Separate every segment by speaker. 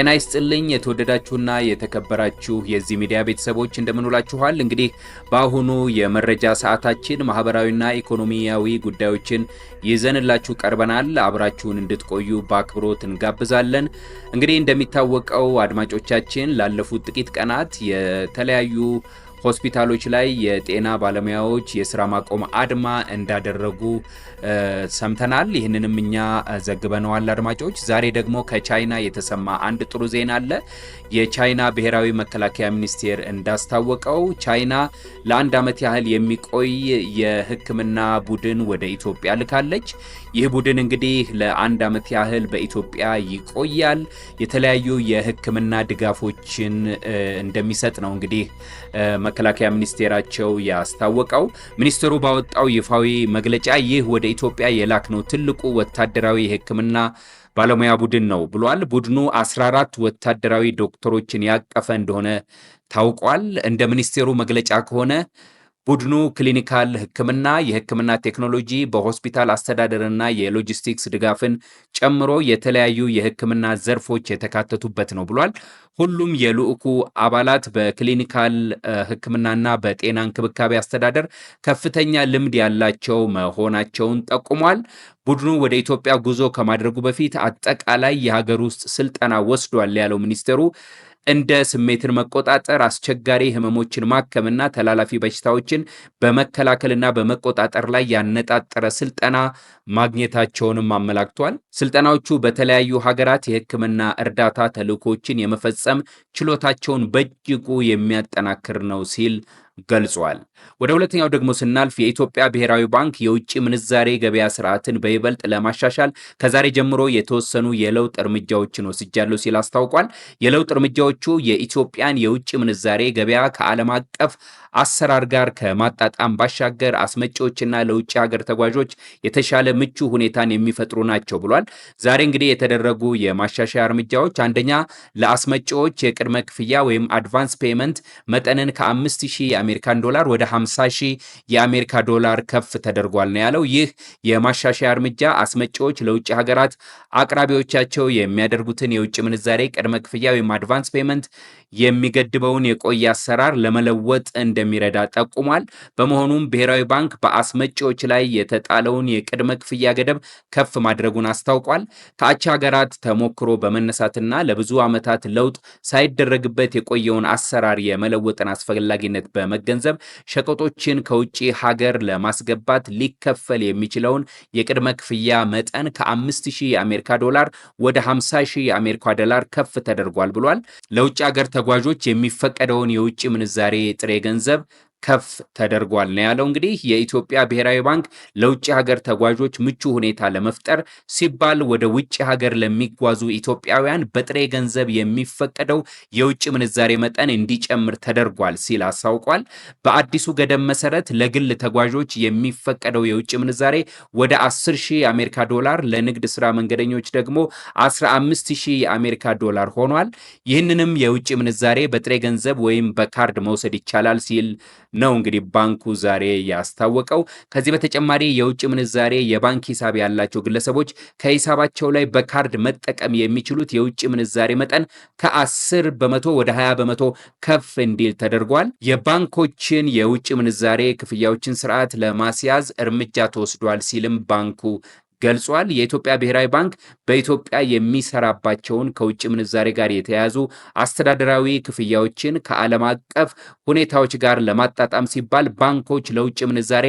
Speaker 1: ጤና ይስጥልኝ የተወደዳችሁና የተከበራችሁ የዚህ ሚዲያ ቤተሰቦች እንደምንውላችኋል። እንግዲህ በአሁኑ የመረጃ ሰዓታችን ማህበራዊና ኢኮኖሚያዊ ጉዳዮችን ይዘንላችሁ ቀርበናል። አብራችሁን እንድትቆዩ በአክብሮት እንጋብዛለን። እንግዲህ እንደሚታወቀው አድማጮቻችን ላለፉት ጥቂት ቀናት የተለያዩ ሆስፒታሎች ላይ የጤና ባለሙያዎች የስራ ማቆም አድማ እንዳደረጉ ሰምተናል። ይህንንም እኛ ዘግበነዋል። አድማጮች፣ ዛሬ ደግሞ ከቻይና የተሰማ አንድ ጥሩ ዜና አለ። የቻይና ብሔራዊ መከላከያ ሚኒስቴር እንዳስታወቀው ቻይና ለአንድ ዓመት ያህል የሚቆይ የሕክምና ቡድን ወደ ኢትዮጵያ ልካለች። ይህ ቡድን እንግዲህ ለአንድ ዓመት ያህል በኢትዮጵያ ይቆያል። የተለያዩ የሕክምና ድጋፎችን እንደሚሰጥ ነው እንግዲህ መከላከያ ሚኒስቴራቸው ያስታወቀው። ሚኒስትሩ ባወጣው ይፋዊ መግለጫ ይህ ወደ ኢትዮጵያ የላክነው ትልቁ ወታደራዊ የሕክምና ባለሙያ ቡድን ነው ብሏል። ቡድኑ 14 ወታደራዊ ዶክተሮችን ያቀፈ እንደሆነ ታውቋል። እንደ ሚኒስቴሩ መግለጫ ከሆነ ቡድኑ ክሊኒካል ሕክምና፣ የሕክምና ቴክኖሎጂ፣ በሆስፒታል አስተዳደርና የሎጂስቲክስ ድጋፍን ጨምሮ የተለያዩ የሕክምና ዘርፎች የተካተቱበት ነው ብሏል። ሁሉም የልዑኩ አባላት በክሊኒካል ሕክምናና በጤና እንክብካቤ አስተዳደር ከፍተኛ ልምድ ያላቸው መሆናቸውን ጠቁሟል። ቡድኑ ወደ ኢትዮጵያ ጉዞ ከማድረጉ በፊት አጠቃላይ የሀገር ውስጥ ስልጠና ወስዷል ያለው ሚኒስቴሩ እንደ ስሜትን መቆጣጠር፣ አስቸጋሪ ህመሞችን ማከምና ተላላፊ በሽታዎችን በመከላከልና በመቆጣጠር ላይ ያነጣጠረ ስልጠና ማግኘታቸውንም አመላክቷል። ስልጠናዎቹ በተለያዩ ሀገራት የህክምና እርዳታ ተልኮችን የመፈጸም ችሎታቸውን በእጅጉ የሚያጠናክር ነው ሲል ገልጿል። ወደ ሁለተኛው ደግሞ ስናልፍ የኢትዮጵያ ብሔራዊ ባንክ የውጭ ምንዛሬ ገበያ ስርዓትን በይበልጥ ለማሻሻል ከዛሬ ጀምሮ የተወሰኑ የለውጥ እርምጃዎችን ወስጃለሁ ሲል አስታውቋል። የለውጥ እርምጃዎቹ የኢትዮጵያን የውጭ ምንዛሬ ገበያ ከዓለም አቀፍ አሰራር ጋር ከማጣጣም ባሻገር አስመጪዎችና ለውጭ ሀገር ተጓዦች የተሻለ ምቹ ሁኔታን የሚፈጥሩ ናቸው ብሏል። ዛሬ እንግዲህ የተደረጉ የማሻሻያ እርምጃዎች አንደኛ ለአስመጪዎች የቅድመ ክፍያ ወይም አድቫንስ ፔመንት መጠንን ከ5000 የአሜሪካን ዶላር ወደ 50 ሺህ የአሜሪካ ዶላር ከፍ ተደርጓል ነው ያለው። ይህ የማሻሻያ እርምጃ አስመጪዎች ለውጭ ሀገራት አቅራቢዎቻቸው የሚያደርጉትን የውጭ ምንዛሬ ቅድመ ክፍያ ወይም አድቫንስ ፔመንት የሚገድበውን የቆየ አሰራር ለመለወጥ እንደሚረዳ ጠቁሟል። በመሆኑም ብሔራዊ ባንክ በአስመጪዎች ላይ የተጣለውን የቅድመ ክፍያ ገደብ ከፍ ማድረጉን አስታውቋል። ከአቻ ሀገራት ተሞክሮ በመነሳትና ለብዙ ዓመታት ለውጥ ሳይደረግበት የቆየውን አሰራር የመለወጥን አስፈላጊነት በመገንዘብ ሸቀጦችን ከውጭ ሀገር ለማስገባት ሊከፈል የሚችለውን የቅድመ ክፍያ መጠን ከ5000 የአሜሪካ ዶላር ወደ 50000 የአሜሪካ ዶላር ከፍ ተደርጓል ብሏል። ለውጭ ሀገር ተጓዦች የሚፈቀደውን የውጭ ምንዛሬ ጥሬ ገንዘብ ከፍ ተደርጓል ነው ያለው። እንግዲህ የኢትዮጵያ ብሔራዊ ባንክ ለውጭ ሀገር ተጓዦች ምቹ ሁኔታ ለመፍጠር ሲባል ወደ ውጭ ሀገር ለሚጓዙ ኢትዮጵያውያን በጥሬ ገንዘብ የሚፈቀደው የውጭ ምንዛሬ መጠን እንዲጨምር ተደርጓል ሲል አስታውቋል። በአዲሱ ገደብ መሰረት ለግል ተጓዦች የሚፈቀደው የውጭ ምንዛሬ ወደ 10 ሺህ የአሜሪካ ዶላር፣ ለንግድ ስራ መንገደኞች ደግሞ 15 ሺህ የአሜሪካ ዶላር ሆኗል። ይህንንም የውጭ ምንዛሬ በጥሬ ገንዘብ ወይም በካርድ መውሰድ ይቻላል ሲል ነው እንግዲህ ባንኩ ዛሬ ያስታወቀው። ከዚህ በተጨማሪ የውጭ ምንዛሬ የባንክ ሂሳብ ያላቸው ግለሰቦች ከሂሳባቸው ላይ በካርድ መጠቀም የሚችሉት የውጭ ምንዛሬ መጠን ከ10 በመቶ ወደ 20 በመቶ ከፍ እንዲል ተደርጓል። የባንኮችን የውጭ ምንዛሬ ክፍያዎችን ስርዓት ለማስያዝ እርምጃ ተወስዷል ሲልም ባንኩ ገልጿል። የኢትዮጵያ ብሔራዊ ባንክ በኢትዮጵያ የሚሰራባቸውን ከውጭ ምንዛሬ ጋር የተያያዙ አስተዳደራዊ ክፍያዎችን ከዓለም አቀፍ ሁኔታዎች ጋር ለማጣጣም ሲባል ባንኮች ለውጭ ምንዛሬ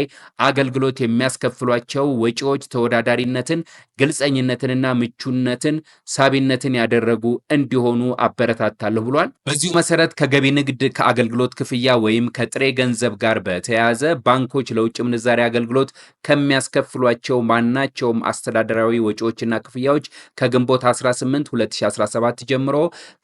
Speaker 1: አገልግሎት የሚያስከፍሏቸው ወጪዎች ተወዳዳሪነትን፣ ግልጸኝነትንና ምቹነትን፣ ሳቢነትን ያደረጉ እንዲሆኑ አበረታታለሁ ብሏል። በዚሁ መሰረት ከገቢ ንግድ፣ ከአገልግሎት ክፍያ ወይም ከጥሬ ገንዘብ ጋር በተያያዘ ባንኮች ለውጭ ምንዛሬ አገልግሎት ከሚያስከፍሏቸው ማናቸውም አስተዳደራዊ ወጪዎችና ክፍያዎች ከግንቦት 18 2017 ጀምሮ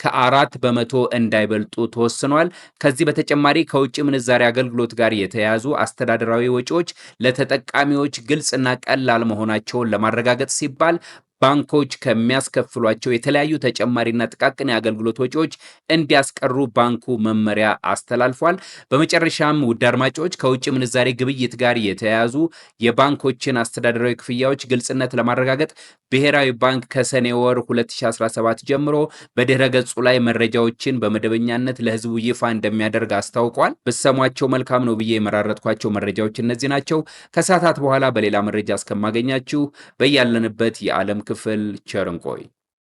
Speaker 1: ከአራት በመቶ እንዳይበልጡ ተወስኗል። ከዚህ በተጨማሪ ከውጭ ምንዛሪ አገልግሎት ጋር የተያያዙ አስተዳደራዊ ወጪዎች ለተጠቃሚዎች ግልጽና ቀላል መሆናቸውን ለማረጋገጥ ሲባል ባንኮች ከሚያስከፍሏቸው የተለያዩ ተጨማሪና ጥቃቅን የአገልግሎት ወጪዎች እንዲያስቀሩ ባንኩ መመሪያ አስተላልፏል። በመጨረሻም ውድ አድማጮች ከውጭ ምንዛሬ ግብይት ጋር የተያያዙ የባንኮችን አስተዳደራዊ ክፍያዎች ግልጽነት ለማረጋገጥ ብሔራዊ ባንክ ከሰኔ ወር 2017 ጀምሮ በድህረ ገጹ ላይ መረጃዎችን በመደበኛነት ለሕዝቡ ይፋ እንደሚያደርግ አስታውቋል። ብሰሟቸው መልካም ነው ብዬ የመራረጥኳቸው መረጃዎች እነዚህ ናቸው። ከሰዓታት በኋላ በሌላ መረጃ እስከማገኛችሁ በያለንበት የዓለም ክፍል ቸርንቆይ